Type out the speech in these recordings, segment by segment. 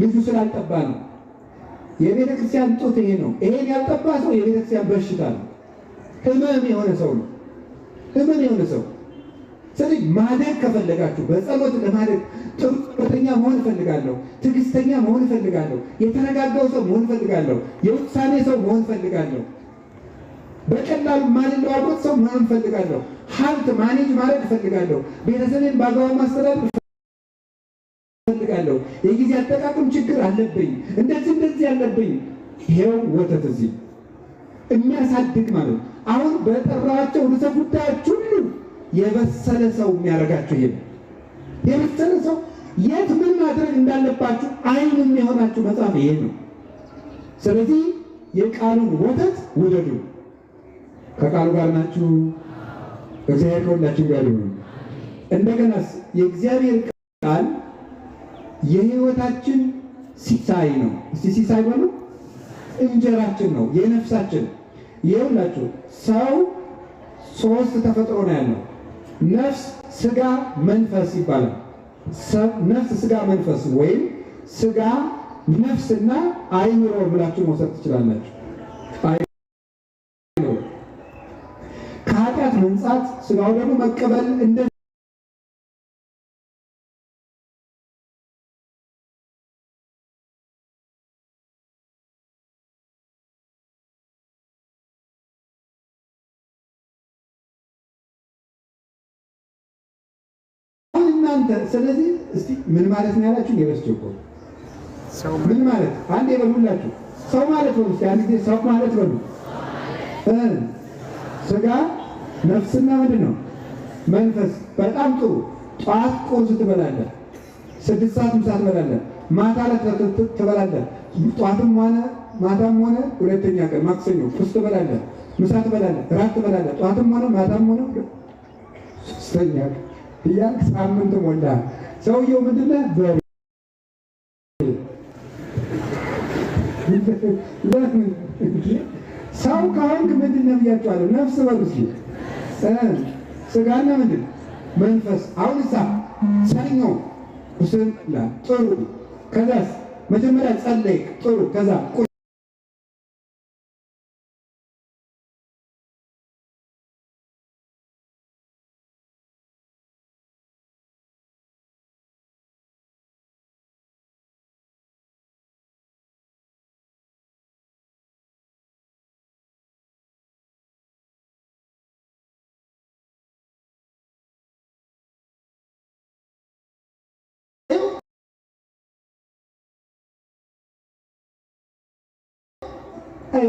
ልጁ ስላልጠባ ነው። የቤተ ክርስቲያን ጡት ይሄ ነው። ይሄን ያልጠባ ሰው የቤተ ክርስቲያን በሽታ ነው። ህመም የሆነ ሰው ነው። ህመም የሆነ ሰው ስለዚህ ማደግ ከፈለጋችሁ በጸሎት ለማደግ ጥሩ ጸሎተኛ መሆን እፈልጋለሁ፣ ትዕግስተኛ መሆን እፈልጋለሁ፣ የተረጋጋው ሰው መሆን እፈልጋለሁ፣ የውሳኔ ሰው መሆን እፈልጋለሁ፣ በቀላሉ ማንለዋወጥ ሰው መሆን እፈልጋለሁ፣ ሀብት ማኔጅ ማድረግ እፈልጋለሁ፣ ቤተሰብን በአግባቡ ማስተዳደር ፈልጋለሁ የጊዜ አጠቃቀም ችግር አለብኝ፣ እንደዚህ እንደዚህ አለብኝ። ይሄው ወተት እዚህ የሚያሳድግ ማለት አሁን በጠራቸው ርዕሰ ጉዳዮች ሁሉ የበሰለ ሰው የሚያደርጋችሁ ይሄ የበሰለ ሰው የት ምን ማድረግ እንዳለባችሁ አይን የሚሆናችሁ መጽሐፍ ይሄ ነው። ስለዚህ የቃሉን ወተት ውደዱ። ከቃሉ ጋር ናችሁ። እግዚአብሔር ከሁላችሁ ጋር ይሁን። እንደገናስ የእግዚአብሔር ቃል የህይወታችን ሲሳይ ነው። እስቲ ሲሳይ በሉ እንጀራችን ነው የነፍሳችን። ይኸውላችሁ ሰው ሶስት ተፈጥሮ ነው ያለው ነፍስ፣ ስጋ፣ መንፈስ ይባላል። ነፍስ፣ ስጋ፣ መንፈስ ወይም ስጋ፣ ነፍስና አይምሮ ብላችሁ መውሰድ ትችላላችሁ። ከኃጢአት መንጻት ስጋው ደግሞ መቀበል እንደ እናንተ ስለዚህ እስቲ ምን ማለት ነው ያላችሁ የበስቸው እኮ ምን ማለት አንድ የበሉላችሁ ሰው ማለት ጊዜ ሰው ማለት በሉ ስጋ ነፍስና ምንድን ነው መንፈስ በጣም ጥሩ ጠዋት ቁርስ ትበላለህ ስድስት ሰዓት ምሳ ትበላለህ ማታ ትበላለህ ጠዋትም ሆነ ማታም ሆነ ሁለተኛ ቀን ማክሰኞ ቁርስ ትበላለህ ምሳ ትበላለህ ትበላለህ ጠዋትም ሆነ ማታም ሆነ እያልክ ሳምንት ሞላ። ሰውየው ምንድነ ሰው ከሆንክ ምንድን ነው ብያቸዋለሁ። ነፍስ በሉ ሲ ስጋና ምንድን መንፈስ። አሁን ሳ ሰኞ ቁስል ጥሩ፣ ከዛስ መጀመሪያ ጸለይ ጥሩ፣ ከዛ Hey,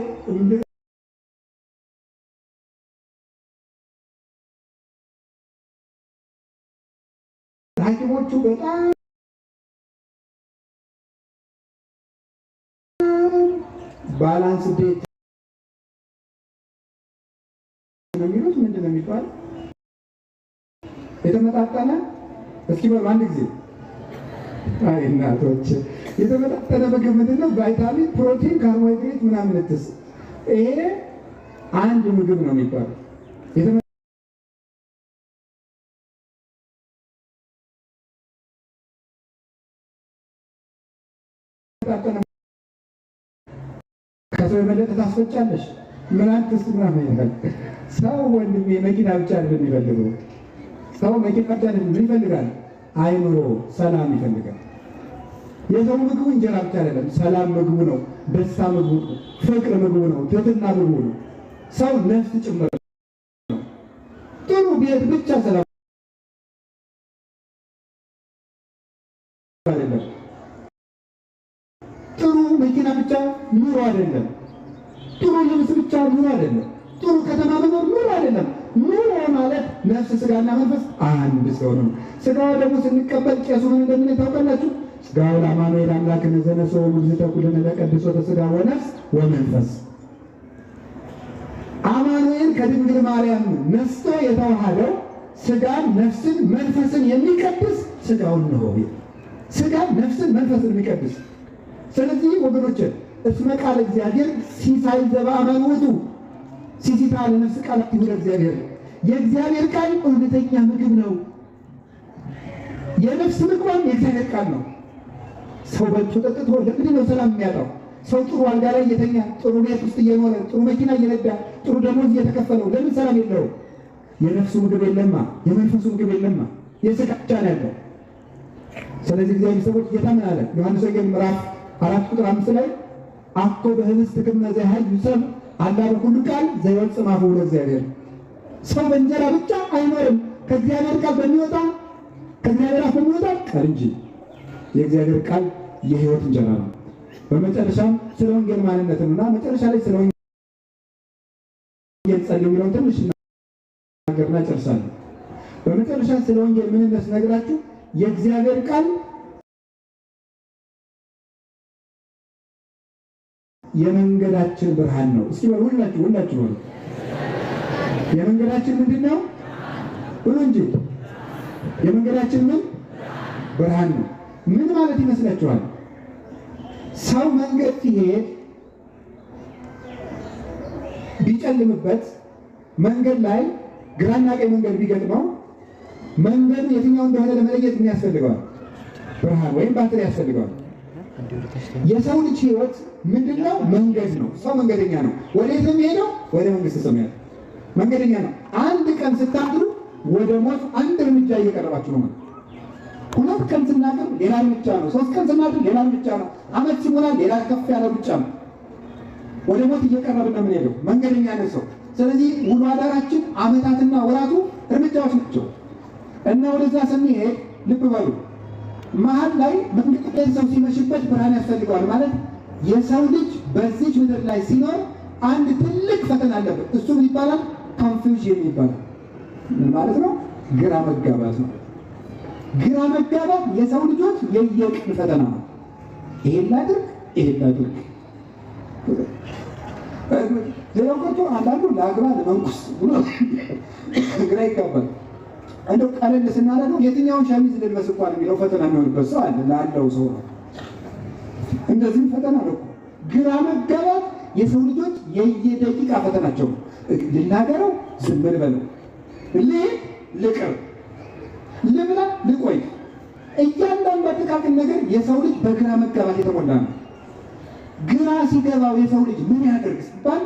ሐኪሞቹ በጣም ባላንስ ቤት ነው የሚሉት። ምንድን ነው የሚባለው? የተመጣጠነ እስኪ በሉ አንድ ጊዜ አይ እናቶች የተመጣጠነ ምግብ ምንድን ነው? ቫይታሚን፣ ፕሮቲን፣ ካርቦሃይድሬት ምናምን እትስ ይሄ አንድ ምግብ ነው የሚባለው ከሰው የበለጠ ታስፈጫለሽ ምናትስ ምናምን ይላል ሰው ወንድሜ መኪና ብቻ ነው የሚፈልገው ሰው መኪና ብቻ ነው ይፈልጋል አይምሮ ሰላም ይፈልጋል። የሰው ምግቡ እንጀራ ብቻ አይደለም፣ ሰላም ምግቡ ነው። ደስታ ምግቡ ነው። ፍቅር ምግቡ ነው። ትህትና ምግቡ ነው። ሰው ነፍስ ጭምር ነው። ጥሩ ቤት ብቻ ሰላም አይደለም። ጥሩ መኪና ብቻ ኑሮ አይደለም። ጥሩ ልብስ ብቻ ኑሮ አይደለም። ጥሩ ከተማ መኖር ኑሮ አይደለም። ማለት ነፍስ ስጋና መንፈስ አንድ ሲሆኑ ስጋ ደግሞ ስንቀበል ቄሱ ምን እንደምን ታውቃላችሁ? ስጋው ለአማኑኤል አምላክ ነዘነ ሰው ተስጋ ወነፍስ ወመንፈስ አማኑኤል ከድንግል ማርያም ነስቶ የተዋሃደው ስጋን ነፍስን መንፈስን የሚቀድስ ስጋውን ነው። ስጋን ነፍስን መንፈስን የሚቀድስ ስለዚህ እስመ ቃል እግዚአብሔር ሲሳይ ዘባ ውእቱ ሲሲታ ለነፍስ ቃል እግዚአብሔር የእግዚአብሔር ቃል እውነተኛ ምግብ ነው። የነፍስ ምግቧም የእግዚአብሔር ቃል ነው። ሰው በእጁ ጠጥቶ ለምንድን ነው ሰላም የሚያጣው? ሰው ጥሩ አልጋ ላይ እየተኛ ጥሩ ቤት ውስጥ እየኖረ ጥሩ መኪና እየነዳ ጥሩ ደሞዝ እየተከፈለው ለምን ሰላም የለው? የነፍሱ ምግብ የለማ፣ የመንፈሱ ምግብ የለማ፣ የስጋ ብቻ ነው ያለው። ስለዚህ እግዚአብሔር ሰዎች ጌታ ምን አለ? ዮሐንስ ወንጌል ምዕራፍ አራት ቁጥር አምስት ላይ አኮ በህብስት ክመ ዘይሃዩ ሰብ አላ ሁሉ ቃል ዘየወፅእ እምአፉ ለእግዚአብሔር ሰው በእንጀራ ብቻ አይኖርም። ከእግዚአብሔር ቃል በሚወጣ ከእግዚአብሔር አፍ በሚወጣ ቃል እንጂ የእግዚአብሔር ቃል የህይወት እንጀራ ነው። በመጨረሻ ስለ ወንጌል ማንነት እና መጨረሻ ላይ ስለ ወንጌል ጸል የሚለውን ትንሽ እናገርና ጨርሳለሁ። በመጨረሻ ስለ ወንጌል ምንነት ነገራችሁ የእግዚአብሔር ቃል የመንገዳችን ብርሃን ነው። እስኪ በሉ ሁላችሁ ሁላችሁ የመንገዳችን ምንድን ነው ብሎ እንጂ የመንገዳችን ምን ብርሃን ነው። ምን ማለት ይመስላችኋል? ሰው መንገድ ሲሄድ ቢጨልምበት መንገድ ላይ ግራና ቀኝ መንገድ ቢገጥመው መንገዱ የትኛው እንደሆነ ለመለየት ምን ያስፈልገዋል? ብርሃን ወይም ባትሪ ያስፈልገዋል። የሰው ልጅ ህይወት ምንድን ነው? መንገድ ነው። ሰው መንገደኛ ነው። ወደ የት ነው የሚሄደው? ወደ መንግስተ ሰማያት መንገደኛ ነው። አንድ ቀን ስታድሩ ወደ ሞት አንድ እርምጃ እየቀረባችሁ ነው። ሁለት ቀን ስናድር ሌላ እርምጃ ነው። ሶስት ቀን ስናድር ሌላ እርምጃ ነው። አመት ሲሞላ ሌላ ከፍ ያለ እርምጃ ነው። ወደ ሞት እየቀረብን ነው የምንሄደው። መንገደኛ ነው ሰው። ስለዚህ ውሎ አዳራችን አመታትና ወራቱ እርምጃዎች ናቸው እና ወደዛ ስንሄድ ልብ በሉ መሀል ላይ መንገድ ሰው ሲመሽበት ብርሃን ያስፈልገዋል ማለት የሰው ልጅ በዚች ምድር ላይ ሲኖር አንድ ትልቅ ፈተና አለበት። እሱ ምን ይባላል? ኮንፊውዥን ይባላል። ምን ማለት ነው? ግራ መጋባት ነው። ግራ መጋባት የሰው ልጆች የየቅን ፈተና ነው። ይሄን ላድርግ፣ ይሄን ላድርግ። ሌላው ቀርቶ አንዳንዱ ለአግባ ለመንኩስ ብሎ ግራ ይጋባል። እንደው ቀለል ስናደርገው የትኛውን ሸሚዝ ልልበስ እንኳን የሚለው ፈተና የሚሆንበት ሰው አለ። ላለው ሰው ነው። እንደዚህም ፈተና ነው። ግራ መጋባት የሰው ልጆች የየደቂቃ ፈተናቸው ነው። ልናገረው ዝም በለው፣ ልሂድ ልቅር፣ ልብላ ልቆይ። እያንዳንዱ ጥቃቅን ነገር የሰው ልጅ በግራ መጋባት የተሞላ ነው። ግራ ሲገባው የሰው ልጅ ምን ያደርግ ሲባል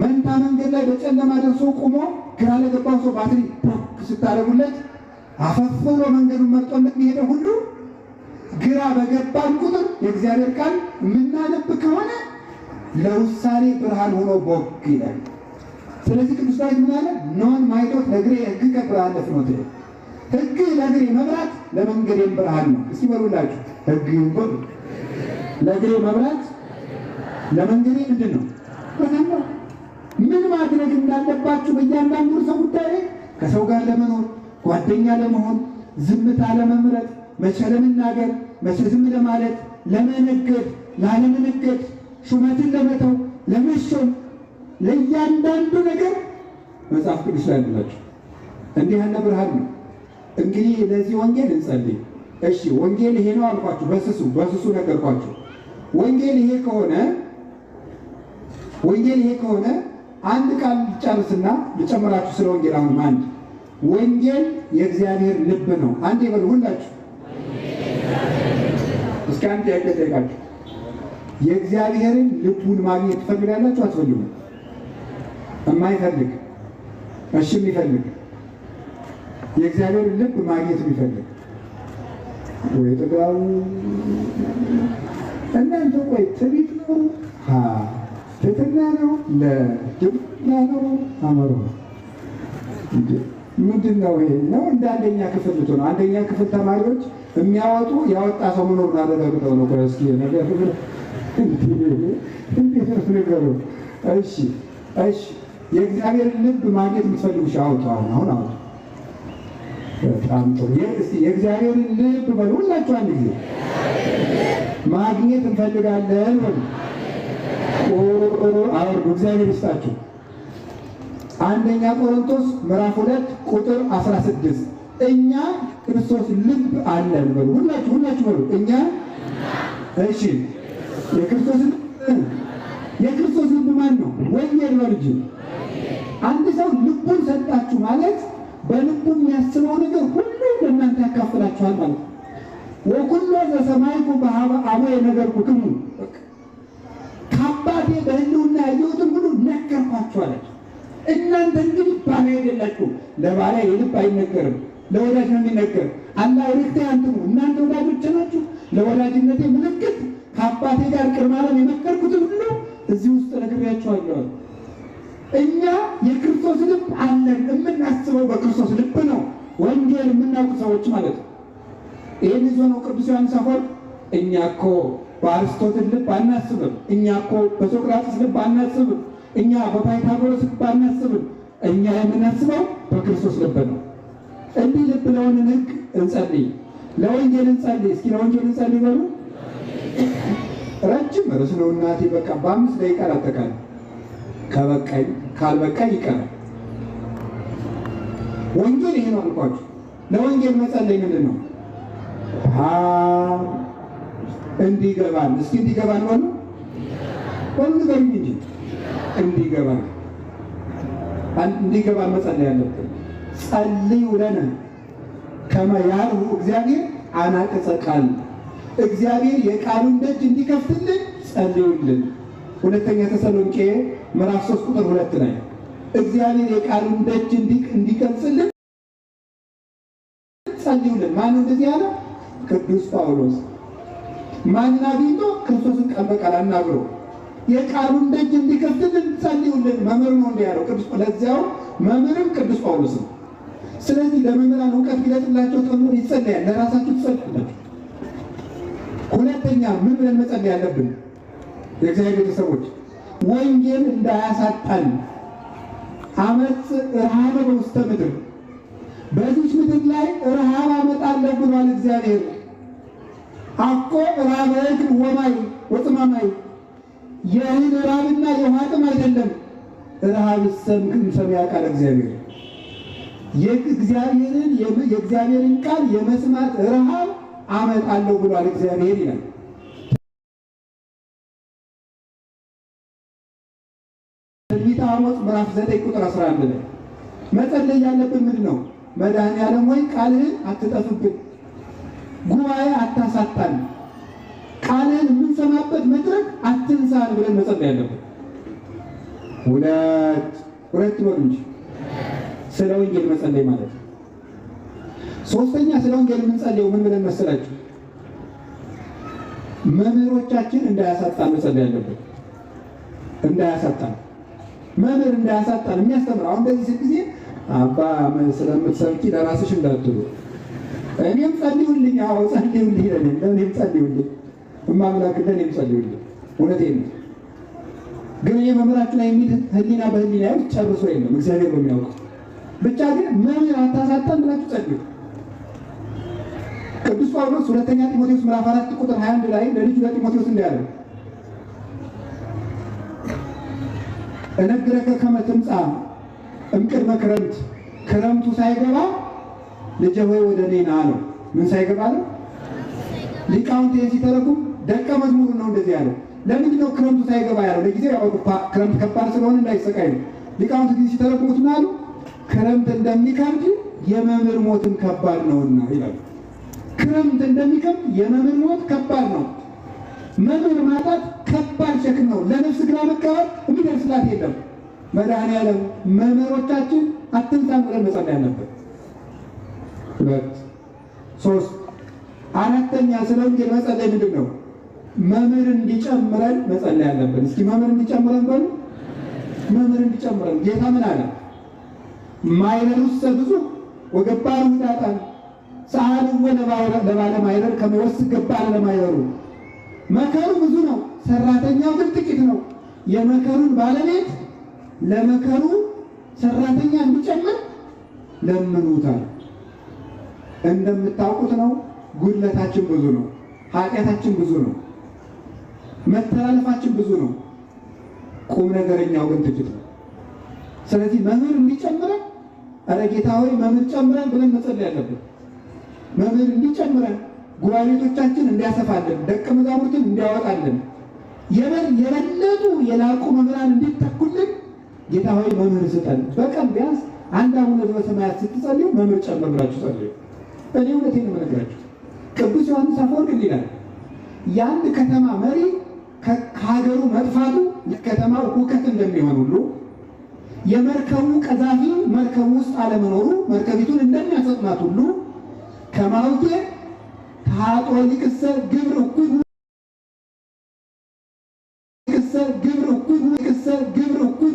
መንታ መንገድ ላይ በጨለማ ደርሶ ቆሞ ግራ ለገባው ሰው ባትሪ ቦክ ስታደርጉለት አፈፍ መንገዱን መርጦ እንደሚሄደው ሁሉ ግራ በገባን ቁጥር የእግዚአብሔር ቃል የምናነብ ከሆነ ለውሳኔ ብርሃን ሆኖ ቦግ ይላል። ስለዚህ ቅዱስ ዳዊት ምን አለ? ኖን ማይቶት ለእግሬ ሕግከ ብርሃነ ፍኖት። ሕግ ለእግሬ መብራት ለመንገዴም ብርሃን ነው። እስቲ በሉላችሁ ሕግ ይሁን ለእግሬ መብራት ለመንገዴ ምንድን ነው? ብርሃን ነው። ምን ማድረግ እንዳለባችሁ በእያንዳንዱ ርዕሰ ጉዳይ ከሰው ጋር ለመኖር ጓደኛ ለመሆን ዝምታ ለመምረጥ መቼ ለመናገር መቼ ዝም ለማለት ለመነገድ ላለመነገድ ሹመትን ለመተው ለመሾም ለእያንዳንዱ ነገር መጽሐፍ ቅዱስ ላይ ያላቸው እንዲህ ያለ ብርሃን ነው። እንግዲህ ለዚህ ወንጌል እንጸልይ። እሺ ወንጌል ይሄ ነው አልኳችሁ፣ በስሱ በስሱ ነገርኳችሁ። ወንጌል ይሄ ከሆነ ወንጌል ይሄ ከሆነ አንድ ቃል ልጨርስና ልጨምራችሁ ስለ ወንጌል አሁን አንድ ወንጌል የእግዚአብሔር ልብ ነው። አንድ የበሉ ሁላችሁ። እስከ አንድ ያቀጠቃችሁ የእግዚአብሔርን ልቡን ማግኘት ትፈልጋላችሁ አትፈልጉም? የማይፈልግ እሺ የሚፈልግ የእግዚአብሔር ልብ ማግኘት የሚፈልግ ወይ ጥጋቡ እናንተ ቆይ ትቢት ነው ትትና ነው ለድና ነው አመሩ ምንድን ነው ይሄ ነው እንደ አንደኛ ክፍል ልቶ ነው አንደኛ ክፍል ተማሪዎች የሚያወጡ ያወጣ ሰው መኖር አረጋግጠው ነው እስኪ ነገር እንዴት ነገሩ እሺ እሺ የእግዚአብሔር ልብ ማግኘት የምትፈልጉ አውጡ። አሁን አሁን በጣም ጥሩ። የእግዚአብሔርን ልብ በሉ ሁላችሁ አንድ ጊዜ ማግኘት እንፈልጋለን በሉ። አውርዱ። እግዚአብሔር ይስጣችሁ። አንደኛ ቆሮንቶስ ምዕራፍ ሁለት ቁጥር 16 እኛ ክርስቶስ ልብ አለን በሉ ሁላችሁ ሁላችሁ በሉ እኛ እሺ የክርስቶስ የክርስቶስ ልብ ማን ነው? ወንጌል ነው ልጅ ሰው ልቡን ሰጣችሁ ማለት በልቡ የሚያስበው ነገር ሁሉ ለእናንተ ያካፍላችኋል ማለት ወኩሎ ዘሰማይኩ በአቡየ ነገርኩክሙ ከአባቴ በህልውና ያየሁትን ሁሉ ነገርኳችሁ እናንተ እንግዲህ ባሪያ አይደላችሁም። ለባሪያ የልብ አይነገርም፣ ለወዳጅ ነው የሚነገር። አላ ርክቴ አንትሙ እናንተ ወዳጆች ናችሁ። ለወዳጅነቴ ምልክት ከአባቴ ጋር ቅድመ ዓለም የመከርኩትን ሁሉ እዚህ ውስጥ ነግሬያችኋለሁ። እኛ የክርስቶስ ልብ አለን። የምናስበው በክርስቶስ ልብ ነው። ወንጌል የምናውቅ ሰዎች ማለት ነው። ይህን ይዞ ነው ቅዱስ ዮሐንስ አፈወርቅ እኛ እኮ በአርስቶትል ልብ አናስብም፣ እኛ እኮ በሶቅራጥስ ልብ አናስብም፣ እኛ በፓይታጎረስ ልብ አናስብም። እኛ የምናስበው በክርስቶስ ልብ ነው። እንዲህ ልብ ለሆንን ሕግ እንጸልይ፣ ለወንጌል እንጸልይ። እስኪ ለወንጌል እንጸልይ በሉ። ረጅም ርዕስ ነው እናቴ። በቃ በአምስት ደቂቃ ላጠቃልል። ከበቃኝ ካልበቃኝ ይቀራል። ወንጌል ይሄ ነው አልኳችሁ። ለወንጌል መጸለይ ምንድን ነው? እንዲገባን እስኪ እንዲገባን ሆነ ሁሉ ገኝ እንጂ እንዲገባን እንዲገባን መጸለይ አለብን። ጸልዩ ለነ ከመ ያልሁ እግዚአብሔር አናቅጸ ቃል እግዚአብሔር የቃሉን ደጅ እንዲከፍትልን ጸልዩልን። ሁለተኛ ተሰሎንቄ ምዕራፍ 3 ቁጥር ሁለት ላይ እግዚአብሔር የቃሉን ደጅ እንዲቀምጽልን ጸልዩልን። ማን እንደዚህ ያለ? ቅዱስ ጳውሎስ። ማንን አግኝቶ? ክርስቶስን ቃል በቃል አናግሮ የቃሉን ደጅ እንዲከፍትልን ጸልዩልን። መምህር ነው እንዲህ ያለው ቅዱስ ለዚያው መምህርም ቅዱስ ጳውሎስ ነው። ስለዚህ ለመምህራን እውቀት ግለጥላቸው ተምሮ ይጸለያል። ለራሳችሁ ትጸልዩላችሁ። ሁለተኛ ምን ብለን መጸለይ ያለብን የእግዚአብሔር ቤተሰቦች ወንጌል እንዳያሳጣን አመፅ ረሃብን ውስተ ምድር በዚች ምድር ላይ ረሃብ አመጣለሁ ብሏል እግዚአብሔር። አኮ ራበግ ወማይ ወጥማማይ የእህል ራብና የውሃ ጥም አይደለም፣ ረሃብ ሰምክን ሰሚያ ቃል እግዚአብሔር የእግዚአብሔርን የእግዚአብሔርን ቃል የመስማት ረሃብ አመጣለሁ ብሏል እግዚአብሔር ይላል። አሞጽ ምዕራፍ 9 ቁጥር 11 ላይ መጸለይ ያለብን ምንድን ነው? መድኃኔዓለም ወይ ቃልህን አትጠፍብን፣ ጉባኤ አታሳጣን፣ ቃልህን የምንሰማበት መድረክ አትንሳን ብለን መጸለይ ያለብን ሁለት ሁለት ይሆን እንጂ ስለ ወንጌል መጸለይ ማለት ነው። ሶስተኛ ስለ ወንጌል የምንጸልየው ምን ብለን መሰላችሁ? መምህሮቻችን እንዳያሳጣን መጸለይ ያለብን እንዳያሳጣን መምህር እንዳያሳጣን የሚያስተምር አሁን በዚህ ስል ጊዜ አባ ስለምትሰብኪ ለራስሽ እንዳትሉ እኔም ጸልዩልኝ፣ አዎ ጸልዩልኝ፣ ለኔም ለኔም ጸልዩልኝ፣ እማምላክ ለኔም ጸልዩልኝ። እውነቴ ነው። ግን ይህ መምህራችን ላይ የሚል ህሊና በህሊና ያው ጨርሶ የለም እግዚአብሔር በሚያውቀው ብቻ ግን መምህር አታሳጣን ብላችሁ ጸልዩ። ቅዱስ ጳውሎስ ሁለተኛ ጢሞቴዎስ ምዕራፍ አራት ቁጥር 21 ላይ ለልጁ ለጢሞቴዎስ እንዲያለው እነግረከ ከመ ትምጻእ እምቅድመ ክረምት ክረምቱ ሳይገባ ልጄ ሆይ ወደ እኔ ና አለው። ምን ሳይገባ ነው? ሊቃውንት ሲተረጉም ደቀ መዝሙሩ ነው እንደዚህ ያለው። ለምንድን ነው ክረምቱ ሳይገባ ያለው? ለጊዜ ያው ክረምት ከባድ ስለሆነ እንዳይሰቃይ ነው። ሊቃውንት ጊዜ ሲተረጉሙት ምን አሉ? ክረምት እንደሚከብድ የመምህር ሞትም ከባድ ነውና ይላሉ። ክረምት እንደሚከብድ የመምህር ሞት ከባድ ነው። መምህር ማጣት ከባድ ሸክም ነው። ለነፍስ ግራ መቀበል የሚደርስላት የለም። መድኃኔ ዓለም መምህሮቻችን አትንሳን ብለን መጸለይ አለበት። ሁለት ሶስት አራተኛ ስለ ወንጌል መጸለይ ምንድን ነው? መምህር እንዲጨምረን መጸለይ አለብን። እስኪ መምህር እንዲጨምረን በሉ። መምህር እንዲጨምረን ጌታ ምን አለ? ማይረር ውስጥ ብዙ ወገባሩ ዳጣን ሰአሉ ለባለ ማይረር ከመወስ ገባለ ለማይረሩ መከሩ ብዙ ነው፣ ሰራተኛው ግን ጥቂት ነው። የመከሩን ባለቤት ለመከሩ ሰራተኛ እንዲጨምር ለምኑታል። እንደምታውቁት ነው፣ ጉድለታችን ብዙ ነው፣ ኃጢአታችን ብዙ ነው፣ መተላለፋችን ብዙ ነው። ቁም ነገረኛው ግን ጥቂት ነው። ስለዚህ መምህር እንዲጨምረን፣ ኧረ ጌታ ሆይ መምህር ጨምረን ብለን መጸለይ ያለብን መምህር እንዲጨምረን ጉባኤቶቻችን እንዲያሰፋልን ደቀ መዛሙርትን እንዲያወጣልን የበለጡ የላቁ መምህራን እንዲተኩልን ጌታ ሆይ መምህር ስጠን። በቀን ቢያንስ አንድ አቡነ ዘበሰማያት ስትጸልዩ መምህር ጨምራችሁ ጸልዩ። እኔ እውነቴን የምነግራችሁ ቅዱስ ዮሐንስ አፈወርቅ እንዲህ ይላል፣ የአንድ ከተማ መሪ ከሀገሩ መጥፋቱ ከተማው ሁከት እንደሚሆን ሁሉ የመርከቡ ቀዛፊ መርከቡ ውስጥ አለመኖሩ መርከቢቱን እንደሚያሰጥማት ሁሉ ከማውቴ ሀጦ ሊቅሰ ግብር እኩይ ቅሰ ግብር እኩይ ቅሰ ግብር እኩይ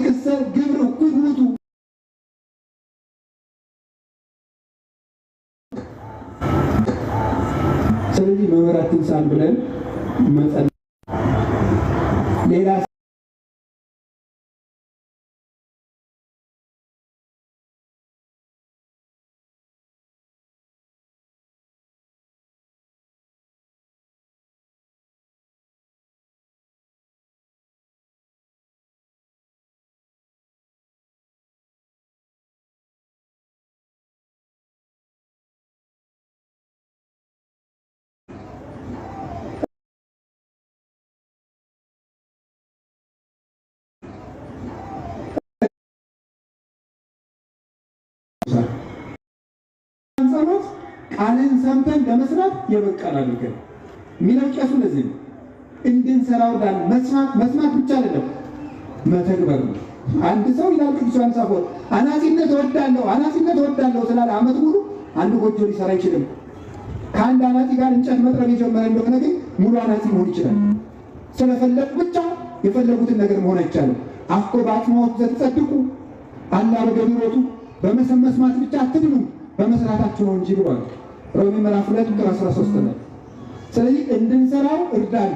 ቅሰ ስለዚህ መምህራትን ሳን ብለን መጸ ሌላ ጸሎት ቃልን ሰምተን ለመስራት የበቃን አድርገን የሚለው ቄሱ ለዚህ ነው። እንድንሰራው ዳን መስማት መስማት ብቻ አይደለም መተግበር ነው። አንድ ሰው ይላል ቅዱስ ዮሐንስ አፈወርቅ አናጺነት እወዳለሁ አናጺነት እወዳለሁ ስላለ አመት ሙሉ አንድ ጎጆ ሊሰራ አይችልም። ከአንድ አናጺ ጋር እንጨት መጥረብ የጀመረ እንደሆነ ግን ሙሉ አናጺ መሆን ይችላል። ስለፈለጉ ብቻ የፈለጉትን ነገር መሆን አይቻልም። አፍቆ በአጽማዎት ዘትጸድቁ አላ በገቢሮቱ በመስማት ብቻ አትድኑ በመስራታችሁ ነው እንጂ ብሏል። ሮሜ ምዕራፍ ሁለት ቁጥር 13 ላይ። ስለዚህ እንድንሰራው እርዳን።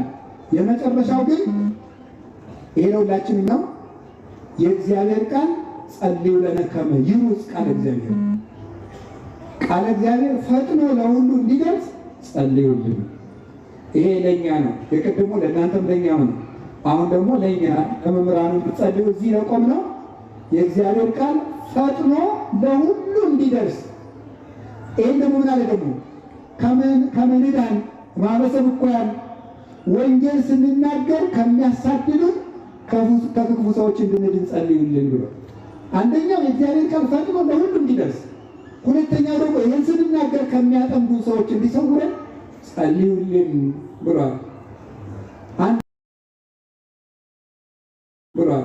የመጨረሻው ግን ይሄ ነው። የእግዚአብሔር ቃል ጸልዩ ለነከመ ይሩጽ ቃል እግዚአብሔር ቃል እግዚአብሔር ፈጥኖ ለሁሉ እንዲደርስ ጸልዩልን። ይሄ ለእኛ ነው። የቅድሞ ለእናንተም ለእኛ ሆነ። አሁን ደግሞ ለእኛ ለመምህራኑ ጸልዩ። እዚህ ለቆም ነው የእግዚአብሔር ቃል ፈጥኖ ለሁሉ እንዲደርስ ይህን ደግሞ ምን አለ ደግሞ ከምንዳን ማህበረሰብ እኮያን ወንጌል ስንናገር ከሚያሳድዱን ከክፉ ሰዎች እንድንድን ጸልዩልን ብሎ አንደኛው የእግዚአብሔር ቃል ፈጥኖ ለሁሉ እንዲደርስ፣ ሁለተኛው ደግሞ ይህን ስንናገር ከሚያጠምዱ ሰዎች እንዲሰውረን ጸልዩልን ብሏል ብሏል።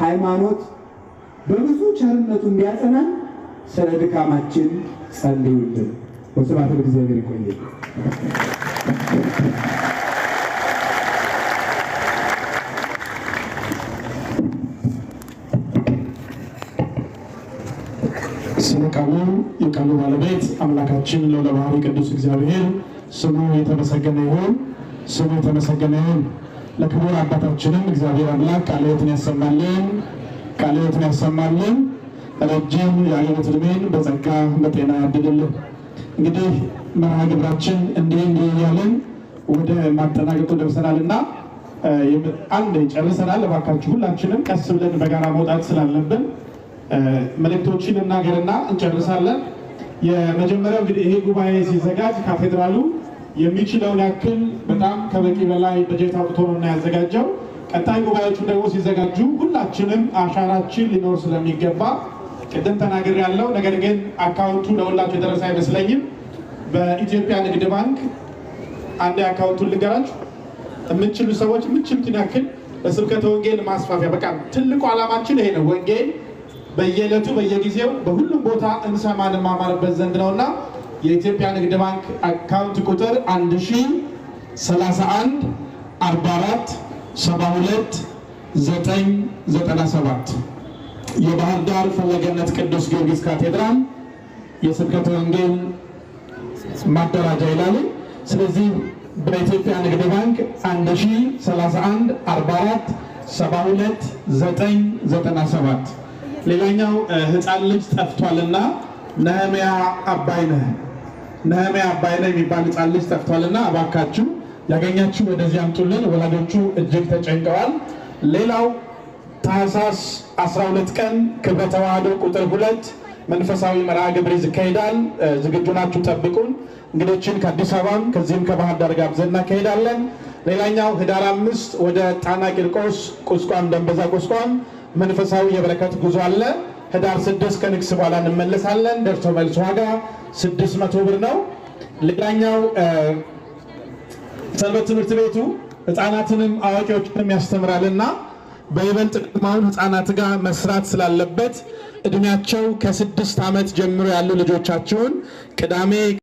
ሃይማኖት በብዙ ቸርነቱ እንዲያጸናን ስለ ድካማችን ጸልዩልን። ወስብሐት ለእግዚአብሔር። ይቆየ ስለ ቃሉ የቃሉ ባለቤት አምላካችን ለለባህሪ ቅዱስ እግዚአብሔር ስሙ የተመሰገነ ይሆን። ስሙ የተመሰገነ ይሁን። ለክቡር አባታችንም እግዚአብሔር አምላክ ቃልዎትን ያሰማልን፣ ቃልዎትን ያሰማልን፣ ረጅም የአገልግሎት ዕድሜን በጸጋ በጤና ያድልልን። እንግዲህ መርሃ ግብራችን እንዲህ እንዲህ እያለን ወደ ማጠናቀቁ ደርሰናልና አንድ ጨርሰናል። እባካችሁ ሁላችንም ቀስ ብለን በጋራ መውጣት ስላለብን መልእክቶችን እናገርና እንጨርሳለን። የመጀመሪያው እንግዲህ ይሄ ጉባኤ ሲዘጋጅ ካቴድራሉ የሚችለውን ያክል በጣም ከበቂ በላይ በጀት አውጥቶ ነው ያዘጋጀው። ቀጣይ ጉባኤዎቹ ደግሞ ሲዘጋጁ ሁላችንም አሻራችን ሊኖር ስለሚገባ ቅድም ተናግር ያለው ነገር ግን አካውንቱ ለሁላችሁ የደረሰ አይመስለኝም። በኢትዮጵያ ንግድ ባንክ አንድ አካውንቱን ልንገራችሁ። የምችሉ ሰዎች የምችሉትን ያክል ለስብከተ ወንጌል ማስፋፊያ በቃ ትልቁ ዓላማችን ይሄ ነው። ወንጌል በየዕለቱ በየጊዜው በሁሉም ቦታ እንሰማ እንማማርበት ዘንድ ነውና የኢትዮጵያ ንግድ ባንክ አካውንት ቁጥር 1031 44 72 9 97 የባህር ዳር ፈለገነት ቅዱስ ጊዮርጊስ ካቴድራል የስብከተ ወንጌል ማደራጃ ይላሉ። ስለዚህ በኢትዮጵያ ንግድ ባንክ 1031 44 72 9 97 ሌላኛው ህፃን ልጅ ጠፍቷልና ነህምያ አባይነህ ነህምያ አባይነህ የሚባል ህፃን ልጅ ጠፍቷልና እባካችሁ ያገኛችሁ ወደዚህ አምጡልን። ወላጆቹ እጅግ ተጨንቀዋል። ሌላው ታህሳስ 12 ቀን ክብረ ተዋህዶ ቁጥር ሁለት መንፈሳዊ መርሃ ግብር ይካሄዳል። ዝግጁ ናችሁ? ጠብቁን። እንግዶችን ከአዲስ አበባም ከዚህም ከባህር ዳር ጋብዘን እናካሄዳለን። ሌላኛው ህዳር አምስት ወደ ጣና ቂርቆስ ቁስቋም፣ ደንበዛ ቁስቋም መንፈሳዊ የበረከት ጉዞ አለ። ህዳር ስድስት ከንግስ በኋላ እንመለሳለን። ደርሶ መልስ ዋጋ ስድስት መቶ ብር ነው። ሌላኛው ሰንበት ትምህርት ቤቱ ህፃናትንም አዋቂዎችንም ያስተምራልና በይበልጥ ቅድማውን ህፃናት ጋር መስራት ስላለበት እድሜያቸው ከስድስት ዓመት ጀምሮ ያሉ ልጆቻቸውን ቅዳሜ